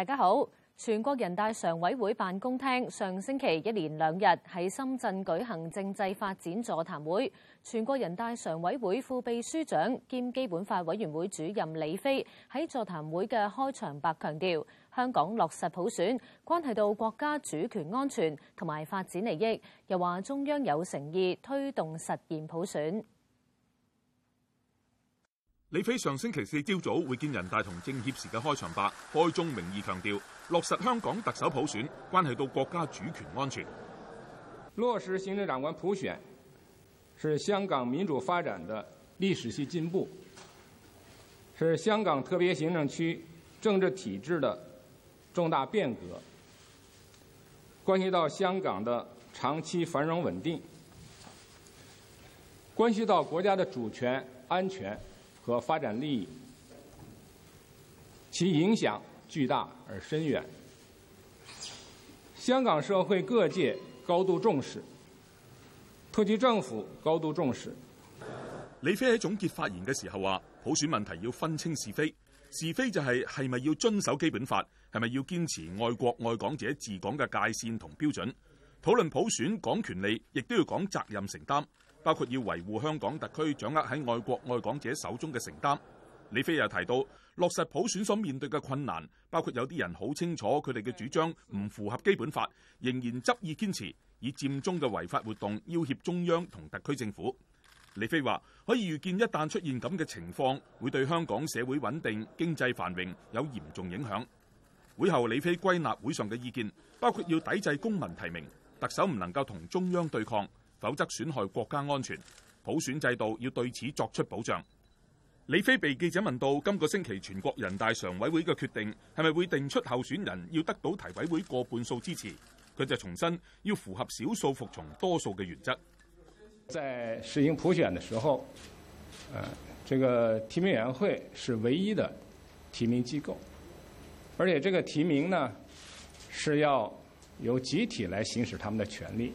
大家好，全國人大常委會辦公廳上星期一連兩日喺深圳舉行政制發展座談會。全國人大常委會副秘書長兼基本法委員會主任李飛喺座談會嘅開場白強調，香港落實普選，關係到國家主權安全同埋發展利益，又話中央有誠意推動實現普選。李飛上星期四朝早會見人大同政協時嘅開場白，開宗明義強調落實香港特首普選關係到國家主權安全。落實行政長官普選，是香港民主發展的歷史性進步，是香港特別行政區政治體制的重大變革，關係到香港的長期繁榮穩定，關係到國家的主權安全。和發展利益，其影響巨大而深遠。香港社會各界高度重視，特區政府高度重視。李飛喺總結發言嘅時候話，普選問題要分清是非，是非就係，係咪要遵守基本法，係咪要堅持愛國愛港者治港嘅界線同標準？討論普選，講權利，亦都要講責任承擔。包括要維護香港特區掌握喺愛國愛港者手中嘅承擔。李飛又提到，落實普選所面對嘅困難，包括有啲人好清楚佢哋嘅主張唔符合基本法，仍然執意堅持以佔中嘅違法活動要挾中央同特區政府。李飛話，可以預見一旦出現咁嘅情況，會對香港社會穩定、經濟繁榮有嚴重影響。會後，李飛歸納會上嘅意見，包括要抵制公民提名，特首唔能夠同中央對抗。否則損害國家安全，普選制度要對此作出保障。李飛被記者問到今個星期全國人大常委會嘅決定係咪會定出候選人要得到提委會過半數支持，佢就重申要符合少數服從多數嘅原則。在實行普選嘅時候，啊，這個提名委員會是唯一的提名機構，而且這個提名呢是要由集體來行使他們的權力。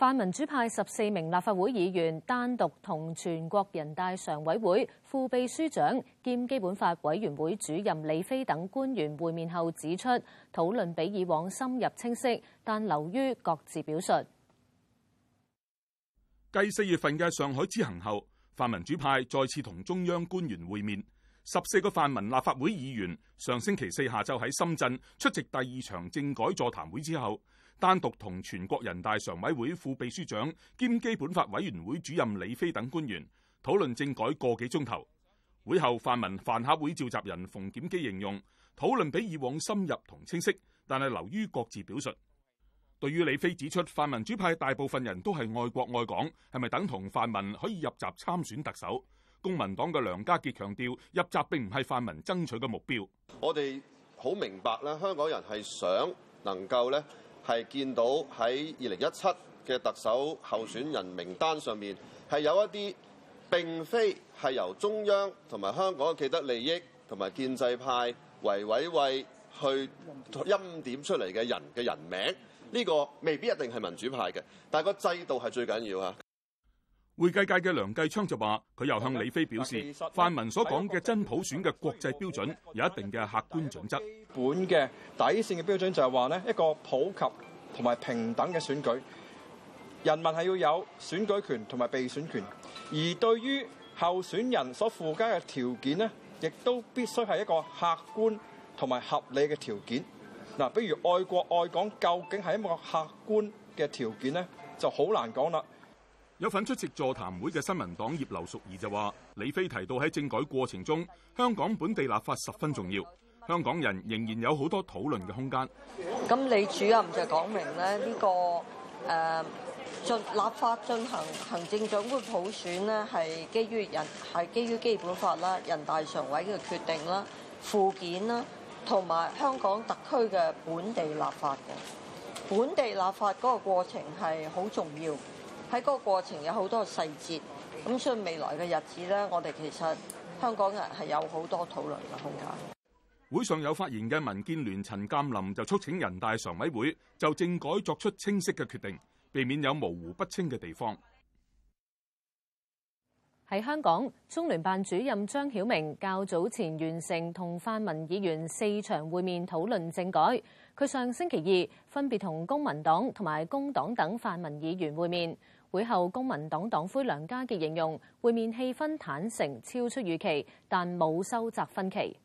泛民主派十四名立法會議員單獨同全國人大常委會副秘書長兼基本法委員會主任李飛等官員會面後指出，討論比以往深入清晰，但流於各自表述。繼四月份嘅上海之行後，泛民主派再次同中央官員會面。十四個泛民立法會議員上星期四下晝喺深圳出席第二場政改座談會之後。單獨同全國人大常委會副秘書長兼基本法委員會主任李飛等官員討論政改個幾鐘頭，會後泛民飯盒會召集人馮檢基形容討論比以往深入同清晰，但係流於各自表述。對於李飛指出泛民主派大部分人都係愛國愛港，係咪等同泛民可以入閘參選特首？公民黨嘅梁家傑強調入閘並唔係泛民爭取嘅目標。我哋好明白啦，香港人係想能夠咧。係見到喺二零一七嘅特首候選人名單上面，係有一啲並非係由中央同埋香港嘅既得利益同埋建制派為委偉去欽點出嚟嘅人嘅人名，呢個未必一定係民主派嘅，但係個制度係最緊要啊。會計界嘅梁繼昌就話：佢又向李飛表示，泛民所講嘅真普選嘅國際標準有一定嘅客觀準則。本嘅底線嘅標準就係話呢一個普及同埋平等嘅選舉，人民係要有選舉權同埋被選權。而對於候選人所附加嘅條件呢，亦都必須係一個客觀同埋合理嘅條件。嗱，比如愛國愛港，究竟係一個客觀嘅條件呢？就好難講啦。有份出席座談會嘅新聞黨葉劉淑儀就話：李飛提到喺政改過程中，香港本地立法十分重要，香港人仍然有好多討論嘅空間。咁李主任就講明咧呢、呢個、呃、進、立法進行行政長官普選呢，係基於人係基於基本法啦、人大常委嘅決定啦、附件啦，同埋香港特區嘅本地立法嘅本地立法嗰個過程係好重要。喺個過程有好多細節，咁所以未來嘅日子咧，我哋其實香港人係有好多討論嘅空間。會上有發言嘅民建聯陳鑑林就促請人大常委會就政改作出清晰嘅決定，避免有模糊不清嘅地方。喺香港，中聯辦主任張曉明較早前完成同泛民議員四場會面，討論政改。佢上星期二分別同公民黨同埋工黨等泛民議員會面。會後，公民黨黨魁梁家傑形容會面氣氛坦誠，超出預期，但冇收窄分歧。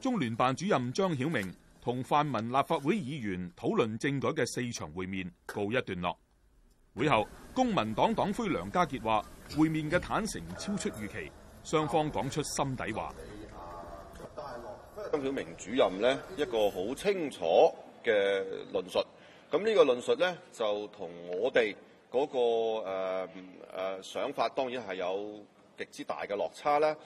中聯辦主任張曉明同泛民立法會議員討論政改嘅四場會面告一段落。會後，公民黨黨魁梁家傑話，會面嘅坦誠超出預期，雙方講出心底話。張曉明主任呢，一個好清楚嘅論述。咁呢個論述咧，就同我哋嗰、那個嗰個誒、呃呃、想法，當然係有極之大嘅落差啦。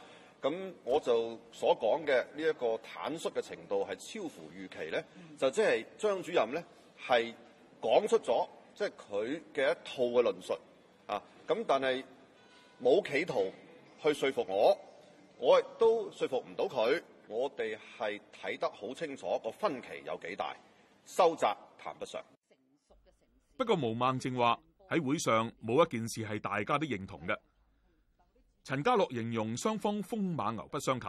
咁我就所講嘅呢一個坦率嘅程度係超乎預期咧，就即係張主任咧係講出咗，即係佢嘅一套嘅論述啊。咁但係冇企圖去說服我，我亦都說服唔到佢。我哋係睇得好清楚個分歧有幾大，收窄。談不上。不過毛孟靜話喺會上冇一件事係大家都認同嘅。陳家洛形容雙方風馬牛不相及。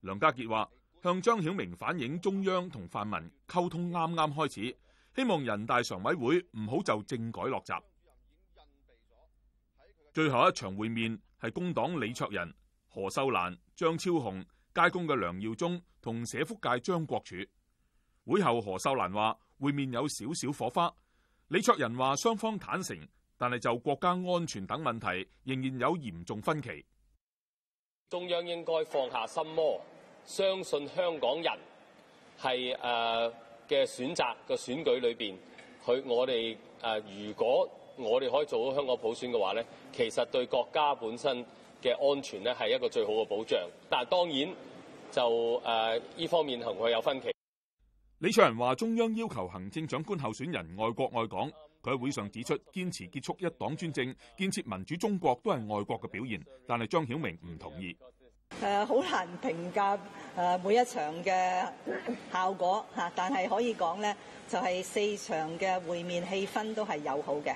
梁家傑話向張曉明反映中央同泛民溝通啱啱開始，希望人大常委會唔好就政改落閘。最後一場會面係工黨李卓人、何秀蘭、張超雄、街工嘅梁耀忠同社福界張國柱。會後，何秀蘭話會面有少少火花。李卓人話雙方坦誠，但係就國家安全等問題仍然有嚴重分歧。中央應該放下心魔，相信香港人係誒嘅選擇嘅選舉裏邊佢我哋誒，uh, 如果我哋可以做到香港普選嘅話咧，其實對國家本身嘅安全咧係一個最好嘅保障。但係當然就誒呢、uh, 方面同佢會有分歧。李卓人話：中央要求行政長官候選人愛國愛港。佢喺會上指出，堅持結束一黨專政、建設民主中國都係愛國嘅表現。但係張曉明唔同意。誒，好難評價誒每一場嘅效果吓，但係可以講咧，就係四場嘅會面氣氛都係友好嘅。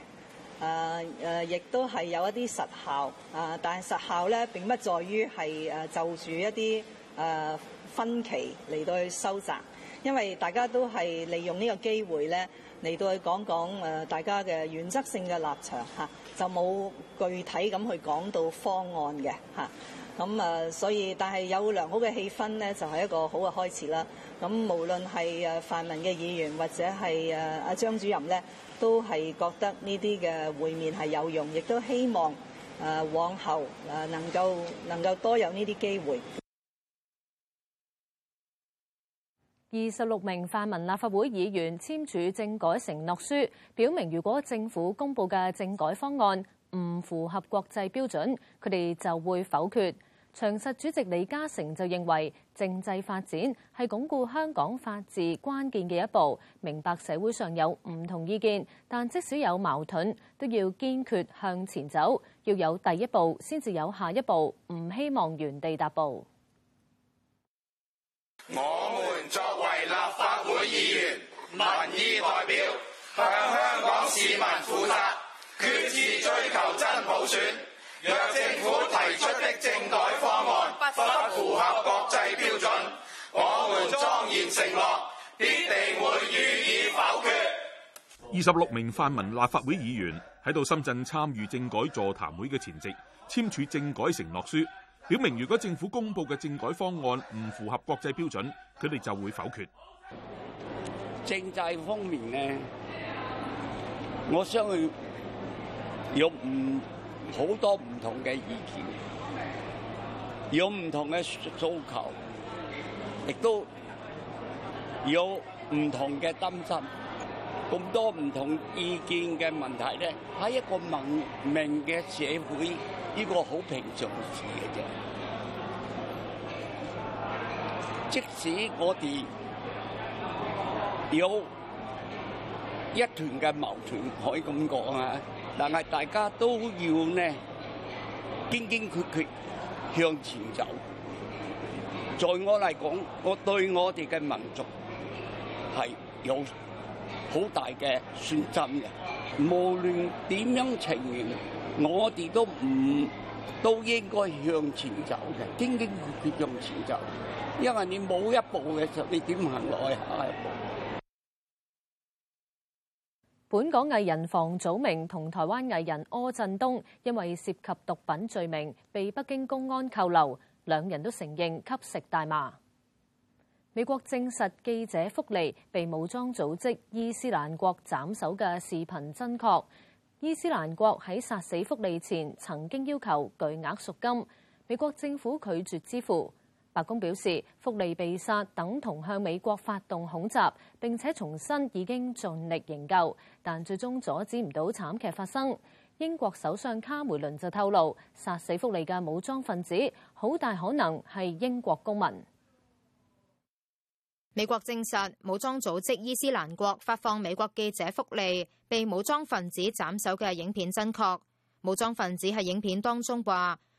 誒誒，亦都係有一啲實效啊，但係實效咧，並唔在於係誒就住一啲誒分歧嚟到去收窄。因為大家都係利用呢個機會咧，嚟到去講講誒大家嘅原則性嘅立場嚇，就冇具體咁去講到方案嘅嚇。咁誒，所以但係有良好嘅氣氛咧，就係一個好嘅開始啦。咁無論係誒泛民嘅議員或者係誒阿張主任咧，都係覺得呢啲嘅會面係有用，亦都希望誒往後誒能夠能夠多有呢啲機會。二十六名泛民立法會議員簽署政改承諾書，表明如果政府公布嘅政改方案唔符合國際標準，佢哋就會否決。長實主席李嘉誠就認為，政制發展係鞏固香港法治關鍵嘅一步。明白社會上有唔同意見，但即使有矛盾，都要堅決向前走。要有第一步，先至有下一步。唔希望原地踏步。我們市民負責，決志追求真普選。若政府提出的政改方案不，不，不符合國際標準，我們莊嚴承諾必定會予以否決。二十六名泛民立法會議員喺度深圳參與政改座談會嘅前夕簽署政改承諾書，表明如果政府公布嘅政改方案唔符合國際標準，佢哋就會否決。政制方面呢？我相信有唔好多唔同嘅意見，有唔同嘅訴求，亦都有唔同嘅擔心。咁多唔同意見嘅問題呢，喺一個文明嘅社會，呢個好平常的事嘅啫。即使我哋有，一團嘅矛盾，可以咁講啊！但係大家都要咧堅堅決決向前走。在我嚟講，我對我哋嘅民族係有好大嘅信心嘅。無論點樣情形，我哋都唔都應該向前走嘅，堅堅決決向前走。因為你冇一步嘅時候，你點行落去下一步？本港藝人房祖名同台灣藝人柯震東因為涉及毒品罪名被北京公安扣留，兩人都承認吸食大麻。美國證實記者福利被武裝組織伊斯蘭國斬首嘅視頻真確。伊斯蘭國喺殺死福利前曾經要求巨額贖金，美國政府拒絕支付。白宮表示，福利被殺等同向美國發動恐襲，並且重申已經盡力營救，但最終阻止唔到慘劇發生。英國首相卡梅倫就透露，殺死福利嘅武裝分子好大可能係英國公民。美國證實武裝組織伊斯蘭國發放美國記者福利被武裝分子斬首嘅影片真確。武裝分子喺影片當中話。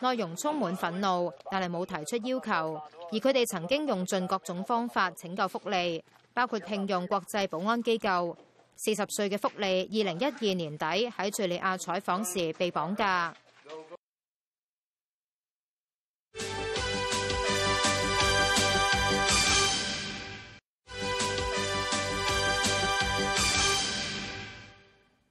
內容充滿憤怒，但係冇提出要求。而佢哋曾經用盡各種方法拯救福利，包括聘用國際保安機構。四十歲嘅福利，二零一二年底喺敍利亞採訪時被綁架。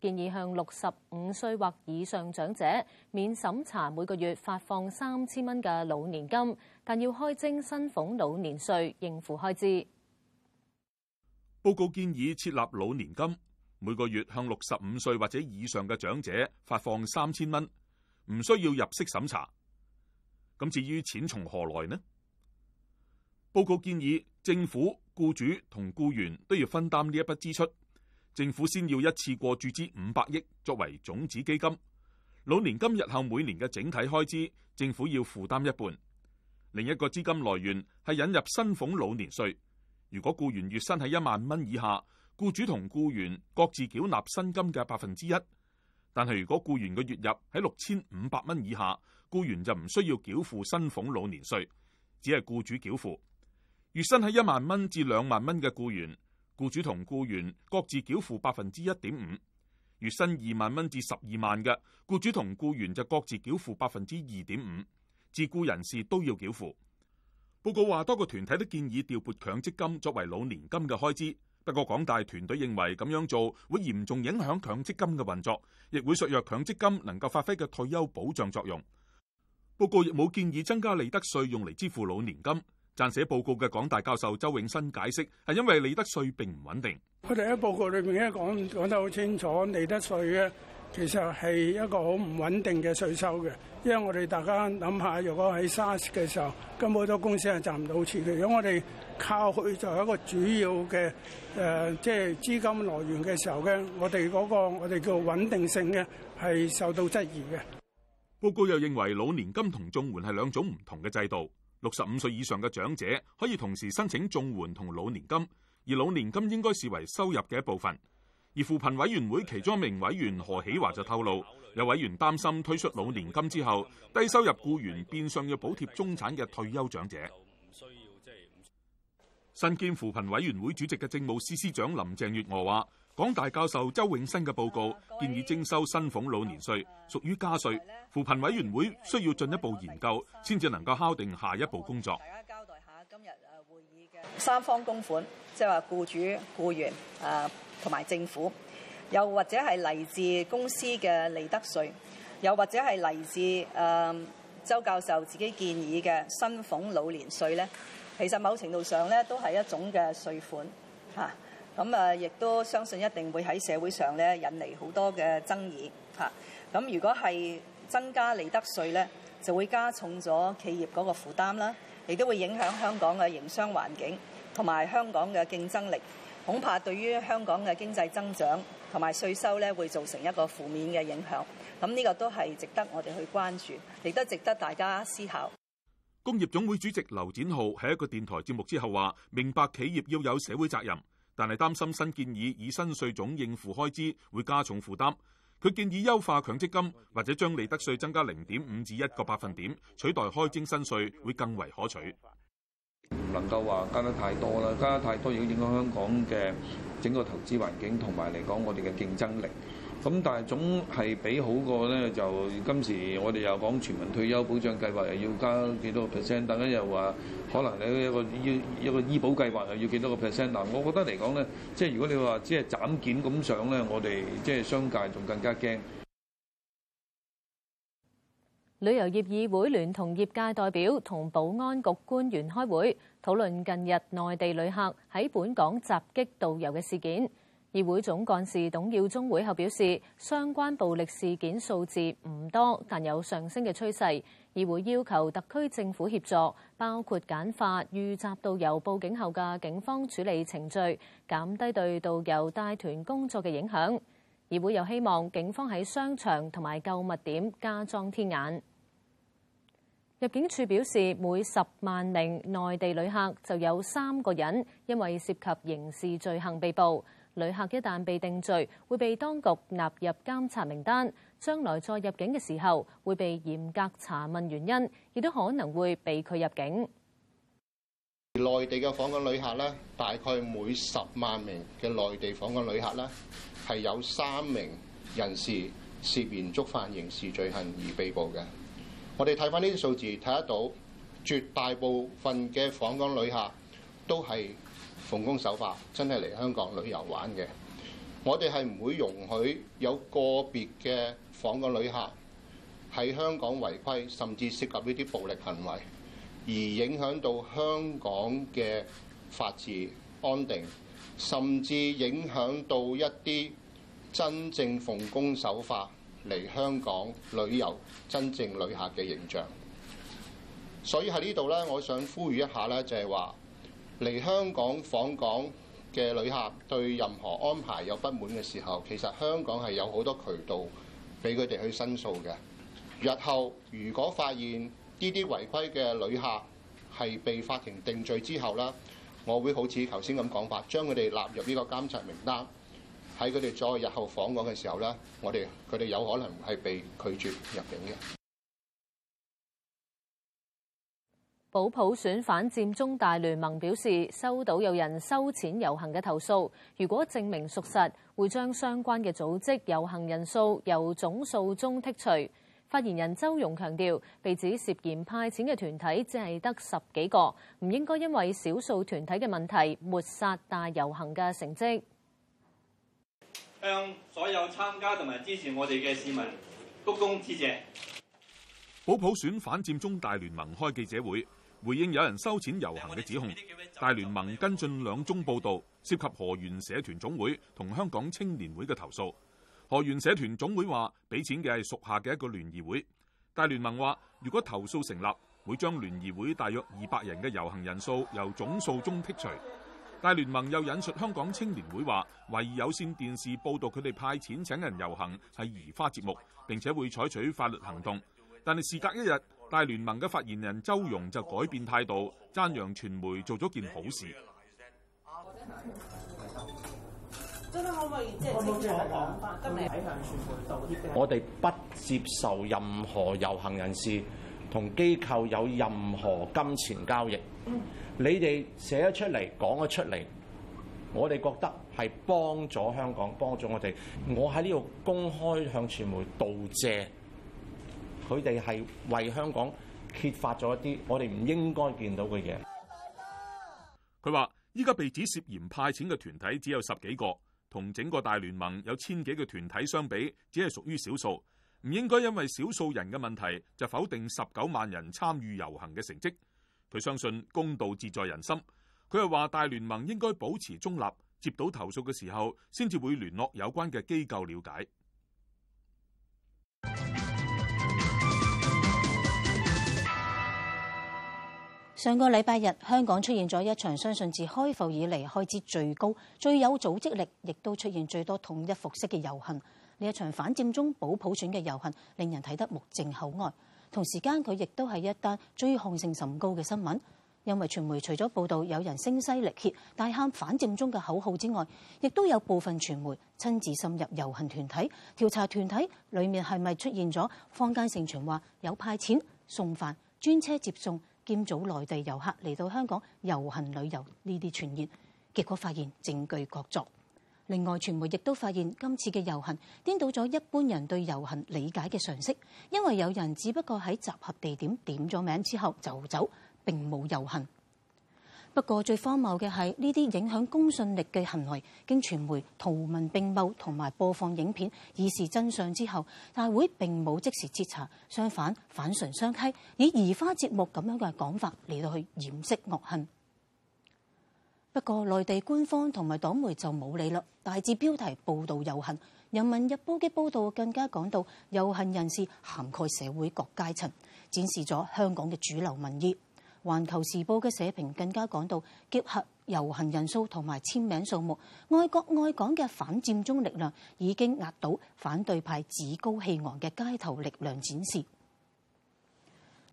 建議向六十五歲或以上長者免審查，每個月發放三千蚊嘅老年金，但要開徵薪俸老年稅，應付開支。報告建議設立老年金，每個月向六十五歲或者以上嘅長者發放三千蚊，唔需要入息審查。咁至於錢從何來呢？報告建議政府、雇主同雇員都要分擔呢一筆支出。政府先要一次過注資五百億作為種子基金，老年金日後每年嘅整體開支，政府要負擔一半。另一個資金來源係引入薪俸老年稅。如果僱員月薪喺一萬蚊以下，僱主同僱員各自繳納薪金嘅百分之一。但係如果僱員嘅月入喺六千五百蚊以下，僱員就唔需要繳付薪俸老年稅，只係僱主繳付。月薪喺一萬蚊至兩萬蚊嘅僱員，雇主同雇員各自繳付百分之一點五，月薪二萬蚊至十二萬嘅雇主同雇員就各自繳付百分之二點五，自雇人士都要繳付。報告話多個團體都建議調撥強積金作為老年金嘅開支，不過港大團隊認為咁樣做會嚴重影響強積金嘅運作，亦會削弱強積金能夠發揮嘅退休保障作用。報告亦冇建議增加利得稅用嚟支付老年金。撰寫報告嘅港大教授周永新解釋，係因為利得稅並唔穩定。我哋喺報告裏邊咧講講得好清楚，利得稅咧其實係一個好唔穩定嘅稅收嘅，因為我哋大家諗下，如果喺 SARS 嘅時候，根本好多公司係賺唔到錢嘅，如果我哋靠佢就一個主要嘅誒，即係資金來源嘅時候咧，我哋嗰個我哋叫穩定性嘅係受到質疑嘅。報告又認為，老年金同綜援係兩種唔同嘅制度。六十五歲以上嘅長者可以同時申請綜援同老年金，而老年金應該視為收入嘅一部分。而扶貧委員會其中一名委員何喜華就透露，有委員擔心推出老年金之後，低收入雇員變相要補貼中產嘅退休長者。身兼扶貧委員會主席嘅政務司司長林鄭月娥話，港大教授周永新嘅報告建議徵收薪俸老年稅，屬於加稅。扶貧委員會需要進一步研究，先至能夠敲定下一步工作。大家交代下今日誒會議嘅三方公款，即係話雇主、雇員誒同埋政府，又或者係嚟自公司嘅利得稅，又或者係嚟自誒、呃、周教授自己建議嘅薪俸老年稅咧。其實某程度上咧，都係一種嘅稅款，嚇咁啊，亦都相信一定會喺社會上咧引嚟好多嘅爭議，嚇咁如果係增加利得稅咧，就會加重咗企業嗰個負擔啦，亦都會影響香港嘅營商環境同埋香港嘅競爭力，恐怕對於香港嘅經濟增長同埋稅收咧會造成一個負面嘅影響，咁呢個都係值得我哋去關注，亦都值得大家思考。工業總會主席劉展浩喺一個電台節目之後話，明白企業要有社會責任，但係擔心新建議以新稅種應付開支會加重負擔。佢建議優化強積金或者將利得稅增加零點五至一個百分點取代開徵新稅會更為可取。唔能夠話加得太多啦，加得太多亦都影響香港嘅整個投資環境同埋嚟講我哋嘅競爭力。咁但係總係比好過咧，就今時我哋又講全民退休保障計劃又要加幾多個 percent，等間又話可能咧一個醫一個醫保計劃又要幾多個 percent。嗱，我覺得嚟講咧，即係如果你話只係斬件咁上咧，我哋即係商界仲更加驚。旅遊業議會聯同業界代表同保安局官員開會，討論近日內地旅客喺本港襲擊導遊嘅事件。議會總幹事董耀中會後表示，相關暴力事件數字唔多，但有上升嘅趨勢。議會要求特區政府協助，包括簡化遇襲導遊報警後嘅警方處理程序，減低對導遊帶團工作嘅影響。議會又希望警方喺商場同埋購物點加裝天眼。入境處表示，每十萬名內地旅客就有三個人因為涉及刑事罪行被捕。旅客一旦被定罪，會被當局納入監察名單，將來再入境嘅時候，會被嚴格查問原因，亦都可能會被拒入境。內地嘅訪港旅客咧，大概每十萬名嘅內地訪港旅客咧，係有三名人士涉嫌觸犯刑事罪行而被捕嘅。我哋睇翻呢啲數字，睇得到絕大部分嘅訪港旅客都係。奉公守法，真係嚟香港旅遊玩嘅。我哋係唔會容許有個別嘅訪港旅客喺香港違規，甚至涉及呢啲暴力行為，而影響到香港嘅法治安定，甚至影響到一啲真正奉公守法嚟香港旅遊真正旅客嘅形象。所以喺呢度咧，我想呼籲一下咧，就係話。嚟香港訪港嘅旅客對任何安排有不滿嘅時候，其實香港係有好多渠道俾佢哋去申訴嘅。日後如果發現呢啲違規嘅旅客係被法庭定罪之後咧，我會好似頭先咁講法，將佢哋納入呢個監察名單，喺佢哋再日後訪港嘅時候咧，我哋佢哋有可能係被拒絕入境嘅。保普選反佔中大聯盟表示收到有人收錢遊行嘅投訴，如果證明屬實，會將相關嘅組織、遊行人數由總數中剔除。發言人周融強調，被指涉嫌派錢嘅團體只係得十幾個，唔應該因為少數團體嘅問題抹殺大遊行嘅成績。向所有參加同埋支持我哋嘅市民鞠躬致謝。保普選反佔中大聯盟開記者會。回應有人收錢遊行嘅指控，大聯盟跟進兩宗報道，涉及河源社團總會同香港青年會嘅投訴。河源社團總會話：俾錢嘅係屬下嘅一個聯誼會。大聯盟話：如果投訴成立，會將聯誼會大約二百人嘅遊行人數由總數中剔除。大聯盟又引述香港青年會話：懷疑有線電視報道佢哋派錢請人遊行係移花接木，並且會採取法律行動。但係事隔一日。大聯盟嘅發言人周融就改變態度，嗯、讚揚傳媒做咗件好事。我哋不接受任何遊行人士同機構有任何金錢。交易你。你哋寫咗出嚟，講咗出嚟，我哋覺得係幫咗香港，幫咗我哋。我喺呢度公開向傳媒道謝。佢哋係為香港揭發咗一啲我哋唔應該見到嘅嘢。佢話：依家被指涉嫌派錢嘅團體只有十幾個，同整個大聯盟有千幾個團體相比，只係屬於少數。唔應該因為少數人嘅問題就否定十九萬人參與遊行嘅成績。佢相信公道自在人心。佢又話：大聯盟應該保持中立，接到投訴嘅時候先至會聯絡有關嘅機構了解。上個禮拜日，香港出現咗一場相信自開埠以嚟開支最高、最有組織力，亦都出現最多統一服飾嘅遊行。呢一場反佔中保普選嘅遊行，令人睇得目瞪口呆。同時間，佢亦都係一單追控性甚高嘅新聞，因為傳媒除咗報導有人聲嘶力竭、大喊反佔中嘅口號之外，亦都有部分傳媒親自深入遊行團體調查，團體裡面係咪出現咗坊間盛傳話有派錢、送飯、專車接送。兼組內地遊客嚟到香港遊行旅遊呢啲傳言，結果發現證據確鑿。另外，傳媒亦都發現今次嘅遊行顛倒咗一般人對遊行理解嘅常識，因為有人只不過喺集合地點點咗名之後就走，並冇遊行。不過最荒謬嘅係呢啲影響公信力嘅行為，經傳媒圖文並茂同埋播放影片以示真相之後，大會並冇即時徹查，相反反唇相稽，以移花接木咁樣嘅講法嚟到去掩飾惡行。不過內地官方同埋黨媒就冇理啦，大字標題報導遊行，《人民日報》嘅報導更加講到遊行人士涵蓋社會各階層，展示咗香港嘅主流民意。《環球時報》嘅社評更加講到，結合遊行人數同埋簽名數目，愛國愛港嘅反佔中力量已經壓倒反對派趾高氣昂嘅街頭力量展示。呢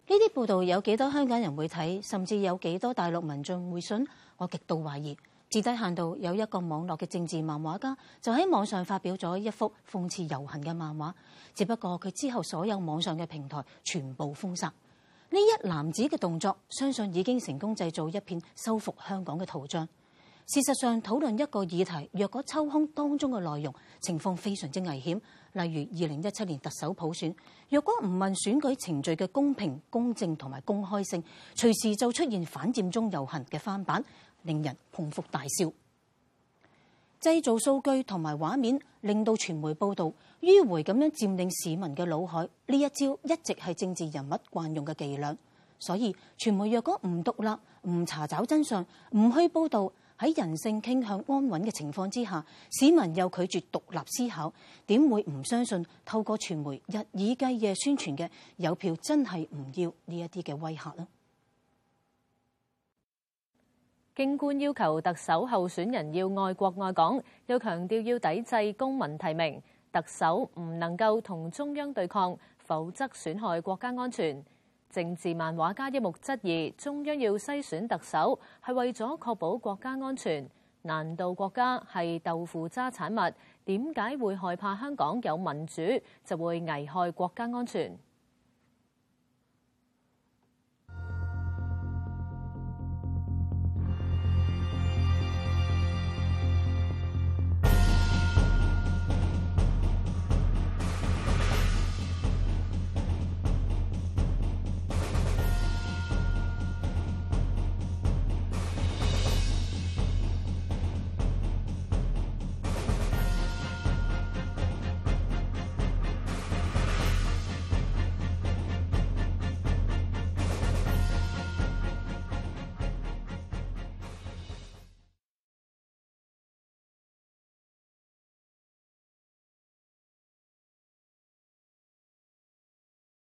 啲報道有幾多香港人會睇，甚至有幾多大陸民眾會信？我極度懷疑。至低限度有一個網絡嘅政治漫畫家就喺網上發表咗一幅諷刺遊行嘅漫畫，只不過佢之後所有網上嘅平台全部封殺。呢一男子嘅動作，相信已經成功製造一片收復香港嘅圖像。事實上，討論一個議題，若果抽空當中嘅內容，情況非常之危險，例如二零一七年特首普選，若果唔問選舉程序嘅公平、公正同埋公開性，隨時就出現反佔中遊行嘅翻版，令人捧腹大笑。製造數據同埋畫面，令到傳媒報導迂迴咁樣佔領市民嘅腦海。呢一招一直係政治人物慣用嘅伎倆，所以傳媒若果唔獨立、唔查找真相、唔去報導，喺人性傾向安穩嘅情況之下，市民又拒絕獨立思考，點會唔相信透過傳媒日以繼夜宣傳嘅有票真係唔要呢一啲嘅威嚇呢？京官要求特首候選人要愛國愛港，又強調要抵制公民提名，特首唔能夠同中央對抗，否則損害國家安全。政治漫畫家一目質疑，中央要篩選特首係為咗確保國家安全，難道國家係豆腐渣產物？點解會害怕香港有民主就會危害國家安全？